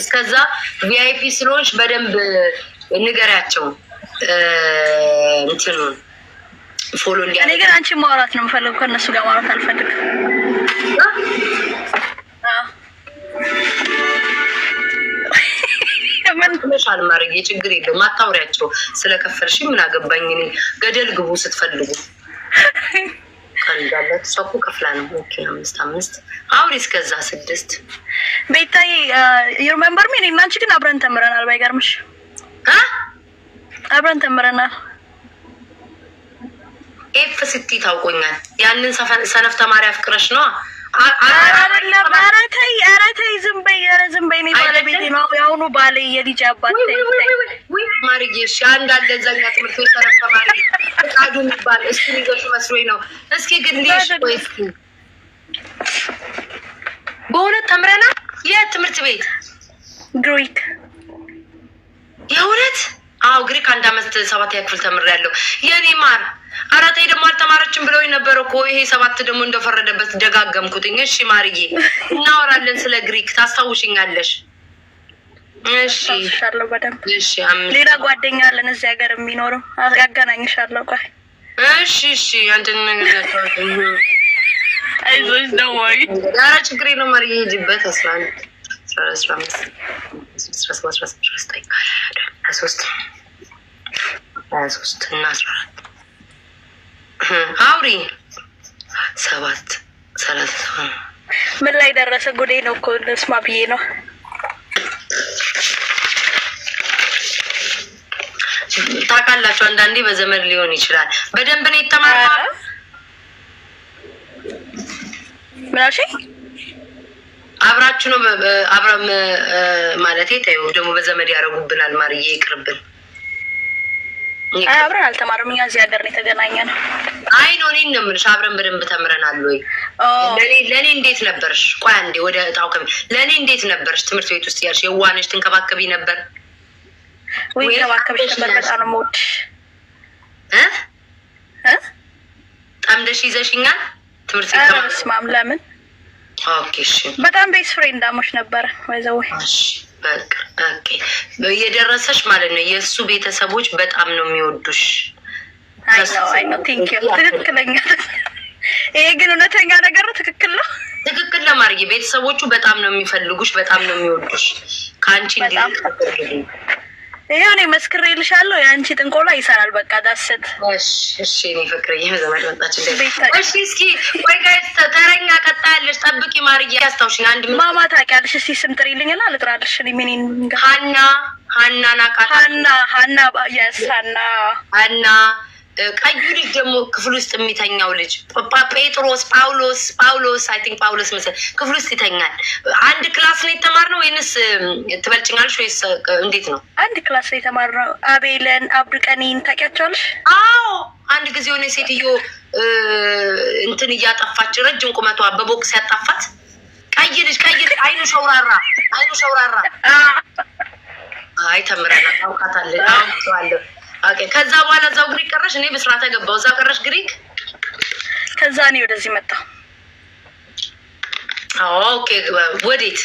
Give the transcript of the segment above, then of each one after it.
እስከዛ ቪአይፒ ስለሆንሽ በደንብ ንገሪያቸው እንትኑን ፎሎ እንዲያ። እኔ ግን አንቺ ማውራት ነው የምፈልገው፣ ከእነሱ ጋር ማውራት አልፈልግም። ሻል ማድረግ የችግር የለው አታውሪያቸው። ስለከፈልሽ ምን አገባኝ እኔ። ገደል ግቡ ስትፈልጉ ከልዳለት ሰኩ ክፍላ ነው ኦኬ፣ አምስት አምስት አውሪ እስከዛ ስድስት ቤታይ ዩሪመምበር ሚ እና አንቺ ግን አብረን ተምረናል። ባይገርምሽ አብረን ተምረናል። ኤፍ ስቲ ታውቆኛል። ያንን ሰነፍ ተማሪ አፍቅረሽ ነዋ ኧረ ተይ፣ ኧረ ተይ፣ ዝም በይ፣ ኧረ ዝም በይ። እኔ ባለቤቴ ነው የአሁኑ ባሌ፣ የልጅ አባት ማርዬ። እሺ አንድ አለ እዛ ትምህርት ቤት ተረፈማሪ ፍቃዱ የሚባል እሱን ይዞሽ መስሎኝ ነው። እስኪ ግን ልሽ ወይ እስኪ በእውነት ተምረና የት ትምህርት ቤት? ግሪክ። የእውነት አዎ፣ ግሪክ አንድ አመት ሰባተኛ ክፍል ተምሬያለሁ የኔ ማር ኧረ ተይ ደግሞ አልተማረችም ብለው ነበር እኮ ይሄ ሰባት ደግሞ እንደፈረደበት ደጋገምኩትኝ። እሺ ማርዬ፣ እናወራለን ስለ ግሪክ ታስታውሽኛለሽ? ሌላ ጓደኛ አለን እዚህ ሀገር የሚኖረው ያገናኝሻለሁ። ቆይ እሺ፣ እሺ አንድን አይዞሽ፣ ደዋይ ኧረ ችግሬ ነው ማርዬ፣ ሂጂበት አስራ አንድ ሶስት ሶስት እና አስራ አራት አውሪ ሰባት ሰላሳ ምን ላይ ደረሰ? ጉዴ ነው እኮ ስማ ብዬ ነው። ታውቃላችሁ፣ አንዳንዴ በዘመድ ሊሆን ይችላል። በደንብ ነው የተማርነው። ምናሽ አብራችሁ ነው ማለት ተይው። ደግሞ በዘመድ ያደርጉብናል። ማርዬ ይቅርብን። አብረን አልተማርም። እኛ እዚህ ሀገር ነው የተገናኘን። አይ ነው እኔን ነው የምልሽ። አብረን በደንብ ተምረናል ወይ? ለእኔ እንዴት ነበርሽ? ቆይ አንዴ ወደ እጣው ከም ለእኔ እንዴት ነበርሽ? ትምህርት ቤት ውስጥ ያልሽ የዋነሽ ትንከባከቢ ነበር ወይ? ተንከባከብሽ ነበር? በጣም ነው የምወድሽ። ጠምደሽ ይዘሽኛል ትምህርት ቤት ማም ለምን? ኦኬ እሺ። በጣም ቤስ ፍሬንዳሞች ነበረ ወይዘ ወይ የደረሰሽ ማለት ነው። የእሱ ቤተሰቦች በጣም ነው የሚወዱሽ። ትክክለኛ ይሄ ግን እውነተኛ ነገር ነው። ትክክል ነው። ትክክል ለማድረግ ቤተሰቦቹ በጣም ነው የሚፈልጉሽ፣ በጣም ነው የሚወዱሽ ከአንቺ እንዲ ይሄው እኔ መስክሬልሻለሁ። የአንቺ ጥንቆላ ይሰራል። በቃ ዳሰት እሺ። እኔ ፍቅር ዘመድ መጣች። እሺ፣ እስኪ ወይ ጋይስ ተረኛ ቀጣያለሽ። ጠብቂ ማርዬ፣ አስታውሽኝ አንድ ምን ማማ ታውቂያለሽ? እስኪ ስም ጥሪልኝና ልጥራልሽ። እኔ ምን ሀና ሀና ናቃታ ሀና ሀና የስ ሀና ሀና ቀዩ ልጅ ደግሞ ክፍል ውስጥ የሚተኛው ልጅ ጴጥሮስ፣ ጳውሎስ ጳውሎስ አይ ቲንክ ጳውሎስ መሰለኝ ክፍል ውስጥ ይተኛል። አንድ ክላስ ነው የተማርነው ወይንስ ትበልጭኛለሽ ወይስ እንዴት ነው? አንድ ክላስ ነው የተማርነው። አቤለን አብዱቀኒን ታውቂያቸዋለሽ? አዎ አንድ ጊዜ የሆነ ሴትዮ እንትን እያጠፋች ረጅም ቁመቷ በቦክስ ያጣፋት ቀይ ልጅ ቀይ ልጅ አይኑ ሸውራራ አይኑ ሸውራራ አይ ተምረና ታውቃታለህ። አውቃታለሁ ኦኬ። ከዛ በኋላ እዛው ግሪክ ቀረሽ? እኔ ብስራተ ገባው እዛው ቀረሽ ግሪክ? ከዛ እኔ ወደዚህ መጣ። ኦኬ። ወዴት?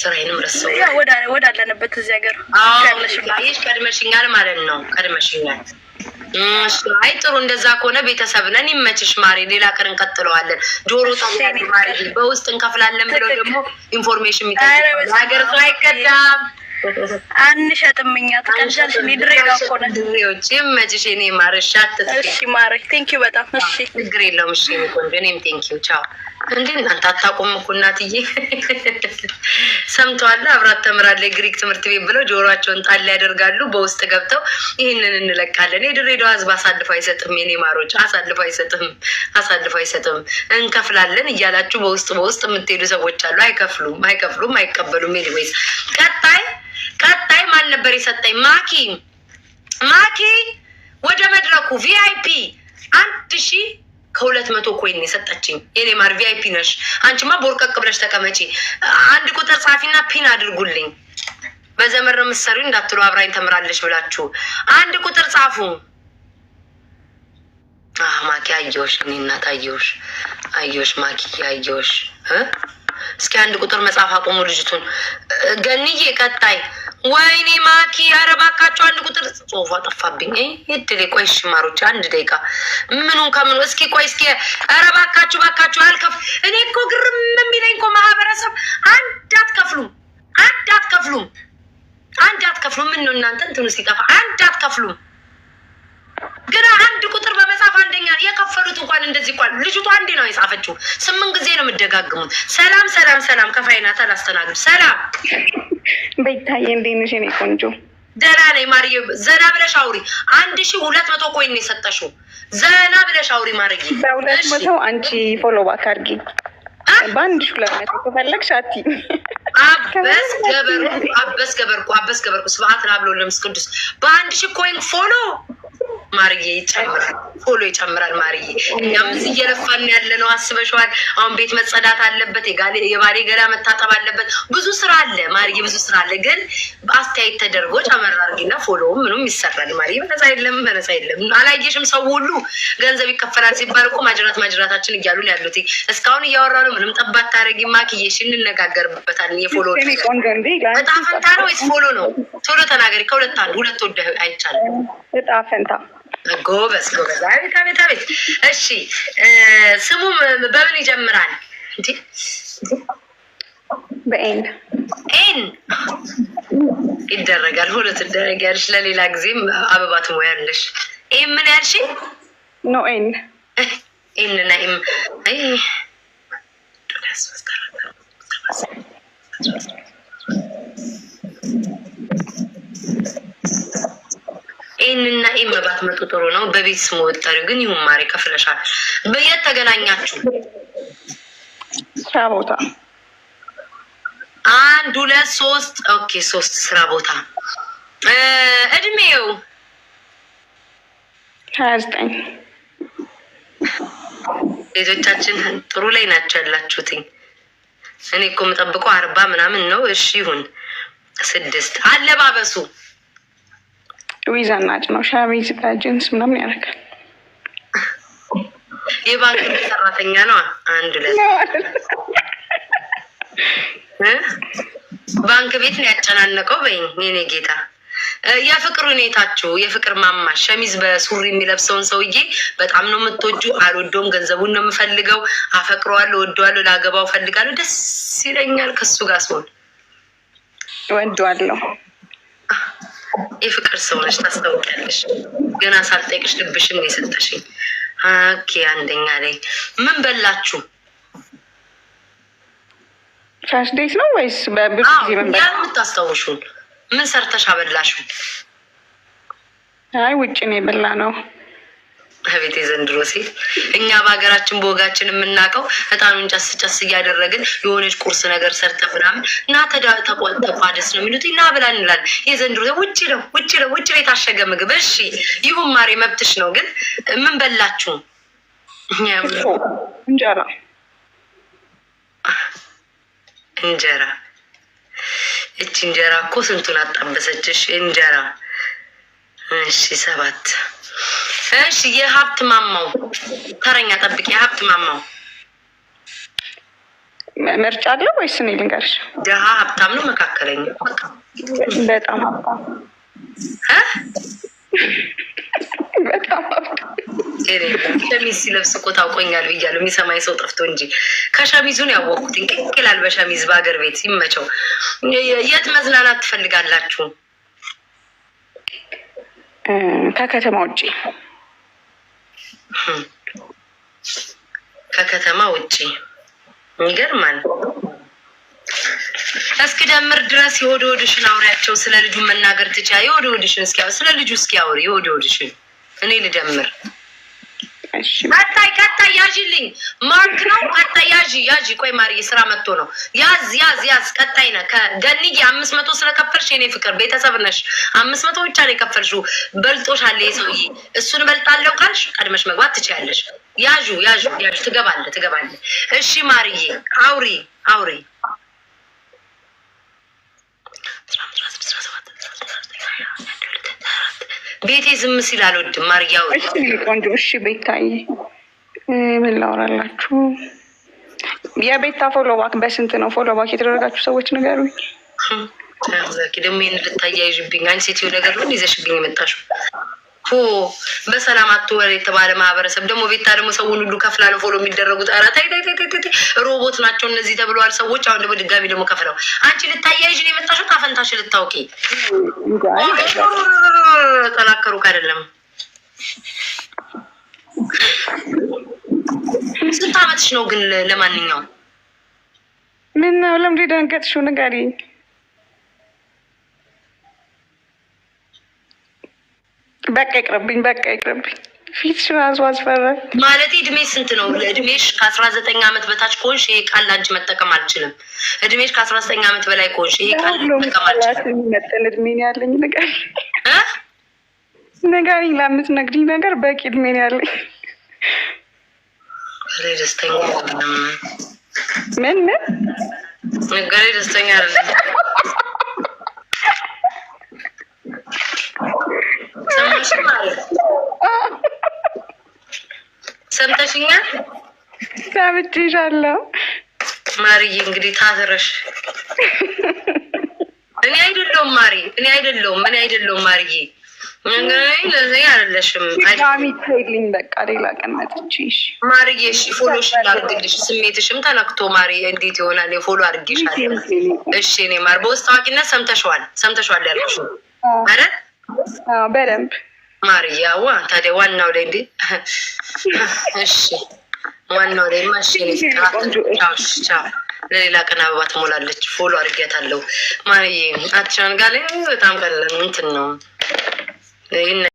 ስራዬንም ረሳሁ። ወደ አለንበት እዚህ ሀገር ይሽ ቀድመሽኛል ማለት ነው። ቀድመሽኛል። አይ ጥሩ። እንደዛ ከሆነ ቤተሰብ ነን። ይመችሽ ማሪ፣ ሌላ ቀን እንቀጥለዋለን። ዶሮ በውስጥ እንከፍላለን ብለው ደግሞ ኢንፎርሜሽን የሚጠ ሀገር አይከዳም አንሸጥም እኛ ትቀንሻለሽ። እኔ ድሬዳዋ እኮ ነን። ይመችሽ የእኔ ማር። እሺ አትጥፊ። እሺ ማር፣ ቴንኪው በጣም እሺ። ችግር የለውም። እሺ የእኔ ቆንጆ፣ እኔም ቴንኪው። ቻው። እንዴ እናንተ አታውቁም እኮ እናትዬ። ሰምተዋል። አብራት ተምራለች ግሪክ ትምህርት ቤት ብለው ጆሯቸውን ጣል ያደርጋሉ። በውስጥ ገብተው ይህንን እንለቃለን። የድሬዳዋ ሕዝብ አሳልፎ አይሰጥም። የኔ ማሮች አሳልፎ አይሰጥም፣ አሳልፎ አይሰጥም። እንከፍላለን እያላችሁ በውስጥ በውስጥ የምትሄዱ ሰዎች አሉ። አይከፍሉም፣ አይከፍሉም፣ አይቀበሉም። ኤኒዌይስ ቀጣይ ቀጣይ ማን ነበር የሰጠኝ? ማኪ ማኪ ወደ መድረኩ ቪአይፒ አንድ ሺ ከሁለት መቶ ኮይን የሰጠችኝ የኔማር ቪአይፒ ነሽ። አንቺማ ቦርቀቅ ብለሽ ተቀመጪ። አንድ ቁጥር ጻፊና ፒን አድርጉልኝ። በዘመር ነው እንዳትሉ አብራኝ ተምራለች ብላችሁ አንድ ቁጥር ጻፉ። ማኪ አየሁሽ፣ እኔ እናት አየሁሽ፣ አየሁሽ ማኪ አየሁሽ። እስኪ አንድ ቁጥር መጽሐፍ አቁሙ ልጅቱን ገንዬ ቀጣይ ወይኔ ማኪ ያረባካቸው አንድ ቁጥር ጽሁፍ አጠፋብኝ። ይድል ቆይ ሽማሮች አንድ ደቂቃ ምኑን ከምኑ እስኪ ቆይ እስኪ ያረባካችሁ ባካችሁ አልከፍ እኔ እኮ ግርም የሚለኝ እኮ ማህበረሰብ አንድ አትከፍሉም አንድ አትከፍሉም አንድ አትከፍሉም ምን ነው እናንተ እንትን ሲጠፋ አንድ አትከፍሉም ግራ አንድ ቁጥር በመጻፍ አንደኛ የከፈሉት እንኳን እንደዚህ እንኳን ልጅቷ አንዴ ነው የጻፈችው። ስምንት ጊዜ ነው የምደጋግሙት። ሰላም ሰላም ሰላም። ከፋይናት አላስተናግድ ሰላም በይታዬ፣ እንዴት ነሽ የኔ ቆንጆ? ደህና ነኝ ማርዬ። ዘና ብለሽ አውሪ። አንድ ሺህ ሁለት መቶ ኮይን ነው የሰጠሽው። ዘና ብለሽ አውሪ ማርዬ። በሁለት መቶ አንቺ ፎሎ ባክ አድርጊ። በአንድ ሺህ ሁለት መቶ ከፈለግሽ አቲ አበስ ገበርኩ አበስ ገበርኩ አበስ ገበርኩ ስብሐት ለአብ ወወልድ ወመንፈስ ቅዱስ በአንድ ሺህ ኮይን ፎሎ ማርዬ ይጨምራል፣ ፎሎ ይጨምራል። ማርዬ እኛም እዚህ እየለፋን ያለ ነው። አስበሽዋል። አሁን ቤት መጸዳት አለበት፣ የባሌ ገላ መታጠብ አለበት። ብዙ ስራ አለ ማርዬ፣ ብዙ ስራ አለ። ግን አስተያየት ተደርጎ ጨመር አድርጊና ፎሎውም ምንም ይሰራል። ማርዬ በነፃ የለም፣ በነፃ የለም። አላየሽም? ሰው ሁሉ ገንዘብ ይከፈላል ሲባል እኮ ማጅራት ማጅራታችን እያሉ ያሉት እስካሁን እያወራ ነው። ምንም ጠባት ታደረጊ ማክዬሽ፣ እንነጋገርበታል። የፎሎ እጣ ፈንታ ነው ወይስ ፎሎ ነው? ቶሎ ተናገሪ። ከሁለት አንዱ ሁለት ወደ አይቻልም። እጣ ፈንታ ጎበዝ ጎበዝ። አቤት አቤት አቤት። እሺ ስሙ በምን ይጀምራል? እንዲ በኤን ኤን ይደረጋል። ሁሉ ትደረጊያለሽ። ለሌላ ጊዜም አበባ ትሞያለሽ። ኤም ምን ያልሽ? ኖ ኤን ኤን ና ኤም ይህንና መባት መጡ ጥሩ ነው። በቤት ስሙ ብጠሪው ግን ይሁን ማሪ ከፍለሻል። በየት ተገናኛችሁ? ስራ ቦታ አንድ ሁለት ሶስት። ኦኬ ሶስት ስራ ቦታ። እድሜው ሀያ ዘጠኝ ልጆቻችን ጥሩ ላይ ናቸው ያላችሁትኝ። እኔ እኮ የምጠብቀው አርባ ምናምን ነው። እሺ ይሁን። ስድስት አለባበሱ ሉዊዛ እናጭ ነው ሻሚዝ ጅንስ ምናምን ያደርጋል። የባንክ ሰራተኛ ነው። አንድ ለ ባንክ ቤት ነው ያጨናነቀው። በይ የኔ ጌታ የፍቅር ሁኔታችሁ የፍቅር ማማ ሸሚዝ በሱሪ የሚለብሰውን ሰውዬ በጣም ነው የምትወጁ። አልወደውም፣ ገንዘቡን ነው የምፈልገው፣ አፈቅረዋለሁ፣ ወደዋለሁ፣ ላገባው ፈልጋለሁ፣ ደስ ይለኛል ከሱ ጋር ሲሆን ወደዋለሁ የፍቅር ሰው ነሽ፣ ታስታውቂያለሽ። ገና ሳልጠይቅሽ ልብሽን የሰጠሽኝ። ኦኬ አንደኛ ላይ ምን በላችሁ? ሻሽ ዴት ነው ወይስ ብዙ ጊዜ ያ የምታስታውሹን? ምን ሰርተሽ አበላሹን? አይ ውጭ ነው የበላ ነው። ከቤት የዘንድሮ ሴት እኛ በሀገራችን በወጋችን የምናውቀው እጣኑን ጨስ ጨስ እያደረግን የሆነች ቁርስ ነገር ሰርተ ምናምን እና ተቋደስ ነው የሚሉት እና ብላ እንላለን። የዘንድሮ ውጭ ነው ውጭ ነው ውጭ ላይ የታሸገ ምግብ። እሺ ይሁን ማሬ መብትሽ ነው፣ ግን ምን በላችሁ? እንጀራ እንጀራ። እቺ እንጀራ እኮ ስንቱን አጣበሰችሽ እንጀራ። እሺ ሰባት እሺ፣ የሀብት ማማው ተረኛ ጠብቅ። የሀብት ማማው ምርጫ አለ ወይስ እኔ ልንገርሽ? ድሀ ሀብታም ነው መካከለኛ? በጣም ሀብታም በጣም ሀብታም ሸሚዝ ሲለብስ እኮ ታውቆኛል ብያለሁ። የሚሰማኝ ሰው ጠፍቶ እንጂ ከሸሚዙን ያወቅኩትኝ ቅቅ በሸሚዝ በሀገር ቤት ይመቸው። የት መዝናናት ትፈልጋላችሁ? ከከተማ ውጭ ከከተማ ውጭ ይገርማል። እስኪ ደምር ድረስ የወደ ሆድሽን አውሪያቸው። ስለ ልጁ መናገር ትቻ የወደ ሆድሽን እስኪ ስለ ልጁ እስኪ አውሪ የወደ ሆድሽን እኔ ልደምር ቀጣይ ቀጣይ ያዥልኝ ማርክ ነው። ቀጣይ ያዥ ያዥ። ቆይ ማርዬ ስራ መጥቶ ነው። ያዝ ያዝ ያዝ። ቀጣይ ነህ ከገንዬ አምስት መቶ ስለከፈልሽ የኔ ፍቅር ቤተሰብ ነሽ። አምስት መቶ ብቻ ነው የከፈልሽው። በልጦሻል ሰውዬ። እሱን በልጣለው ካልሽ ቀድመሽ መግባት ትችያለሽ። ያዥ ያዥ ያዥ። ትገባለህ ትገባለህ። እሺ ማርዬ አውሪ አውሪ ቤቴ ዝም ሲል አልወድም። ማርያው ቆንጆ። እሺ ቤታዬ ምን ላውራላችሁ? የቤታ ፎሎባክ በስንት ነው? ፎሎባክ የተደረጋችሁ ሰዎች ንገሩኝ። ደግሞ ይህን ልታያይዥብኝ አንድ ሴትዮ ነገር ነው ይዘሽብኝ የመጣሽው ሆ በሰላም አትወር የተባለ ማህበረሰብ ደግሞ ቤታ ደግሞ ሰውን ሁሉ ከፍላል ፎሎ የሚደረጉት ኧረ ተይ ተይ ተይ፣ ሮቦት ናቸው እነዚህ ተብለዋል ሰዎች። አሁን ደግሞ ድጋሚ ደግሞ ከፍለው አንቺ ልታያይዥ ነው የመጣሽው። ካፈንታሽ ልታውቂ ተላከሩ አይደለም ስንት አመትሽ ነው ግን? ለማንኛውም ምን ነው ለምዴ ደንገጥሽው ንገሪኝ። በቃ ይቅርብኝ፣ በቃ ይቅርብኝ። ፊት ራሱ አስፈራኝ። ማለት እድሜ ስንት ነው? እድሜሽ ከአስራ ዘጠኝ ዓመት በታች ከሆንሽ ይሄ ቃል ላንቺ መጠቀም አልችልም። እድሜሽ ከአስራ ዘጠኝ ዓመት በላይ ከሆንሽ ይሄ ቃል መጠቀም አልችልም። የሚመጥን እድሜ ነው ያለኝ። ነገር ነጋሪኝ ለአምስት ነግሪኝ ነገር በቂ እድሜ ነው ያለኝ። ደስተኛ ምን ምን ነገሬ ደስተኛ አይደለም ሰምተሽኛል? ሰምቼሻለሁ ማርዬ። እንግዲህ ታስረሽ እኔ አይደለሁም ማሪ፣ እኔ አይደለሁም፣ እኔ አይደለሁም ማርዬ። ለዚህ አይደለሽም ሚልኝ በቃ ሌላ ቀን መጥቼሽ ማርዬ። እሺ ፎሎሽ ላድርግልሽ። ስሜትሽም ተነክቶ ማሪ፣ እንዴት ይሆናል? የፎሎ አድርጌሻለሁ። እሺ እኔ ማር፣ በውስጥ ታዋቂነት ያለሽ አረ በደንብ ማርያዋ ታዲያ ዋናው ላይ እንዴ! እሺ ዋናው ላይ ማሽ ለሌላ ቀን አበባ ትሞላለች። ፎሎ አድርጊያታለሁ ማርዬ። አቻን ጋር ላይ በጣም ቀላል እንትን ነው።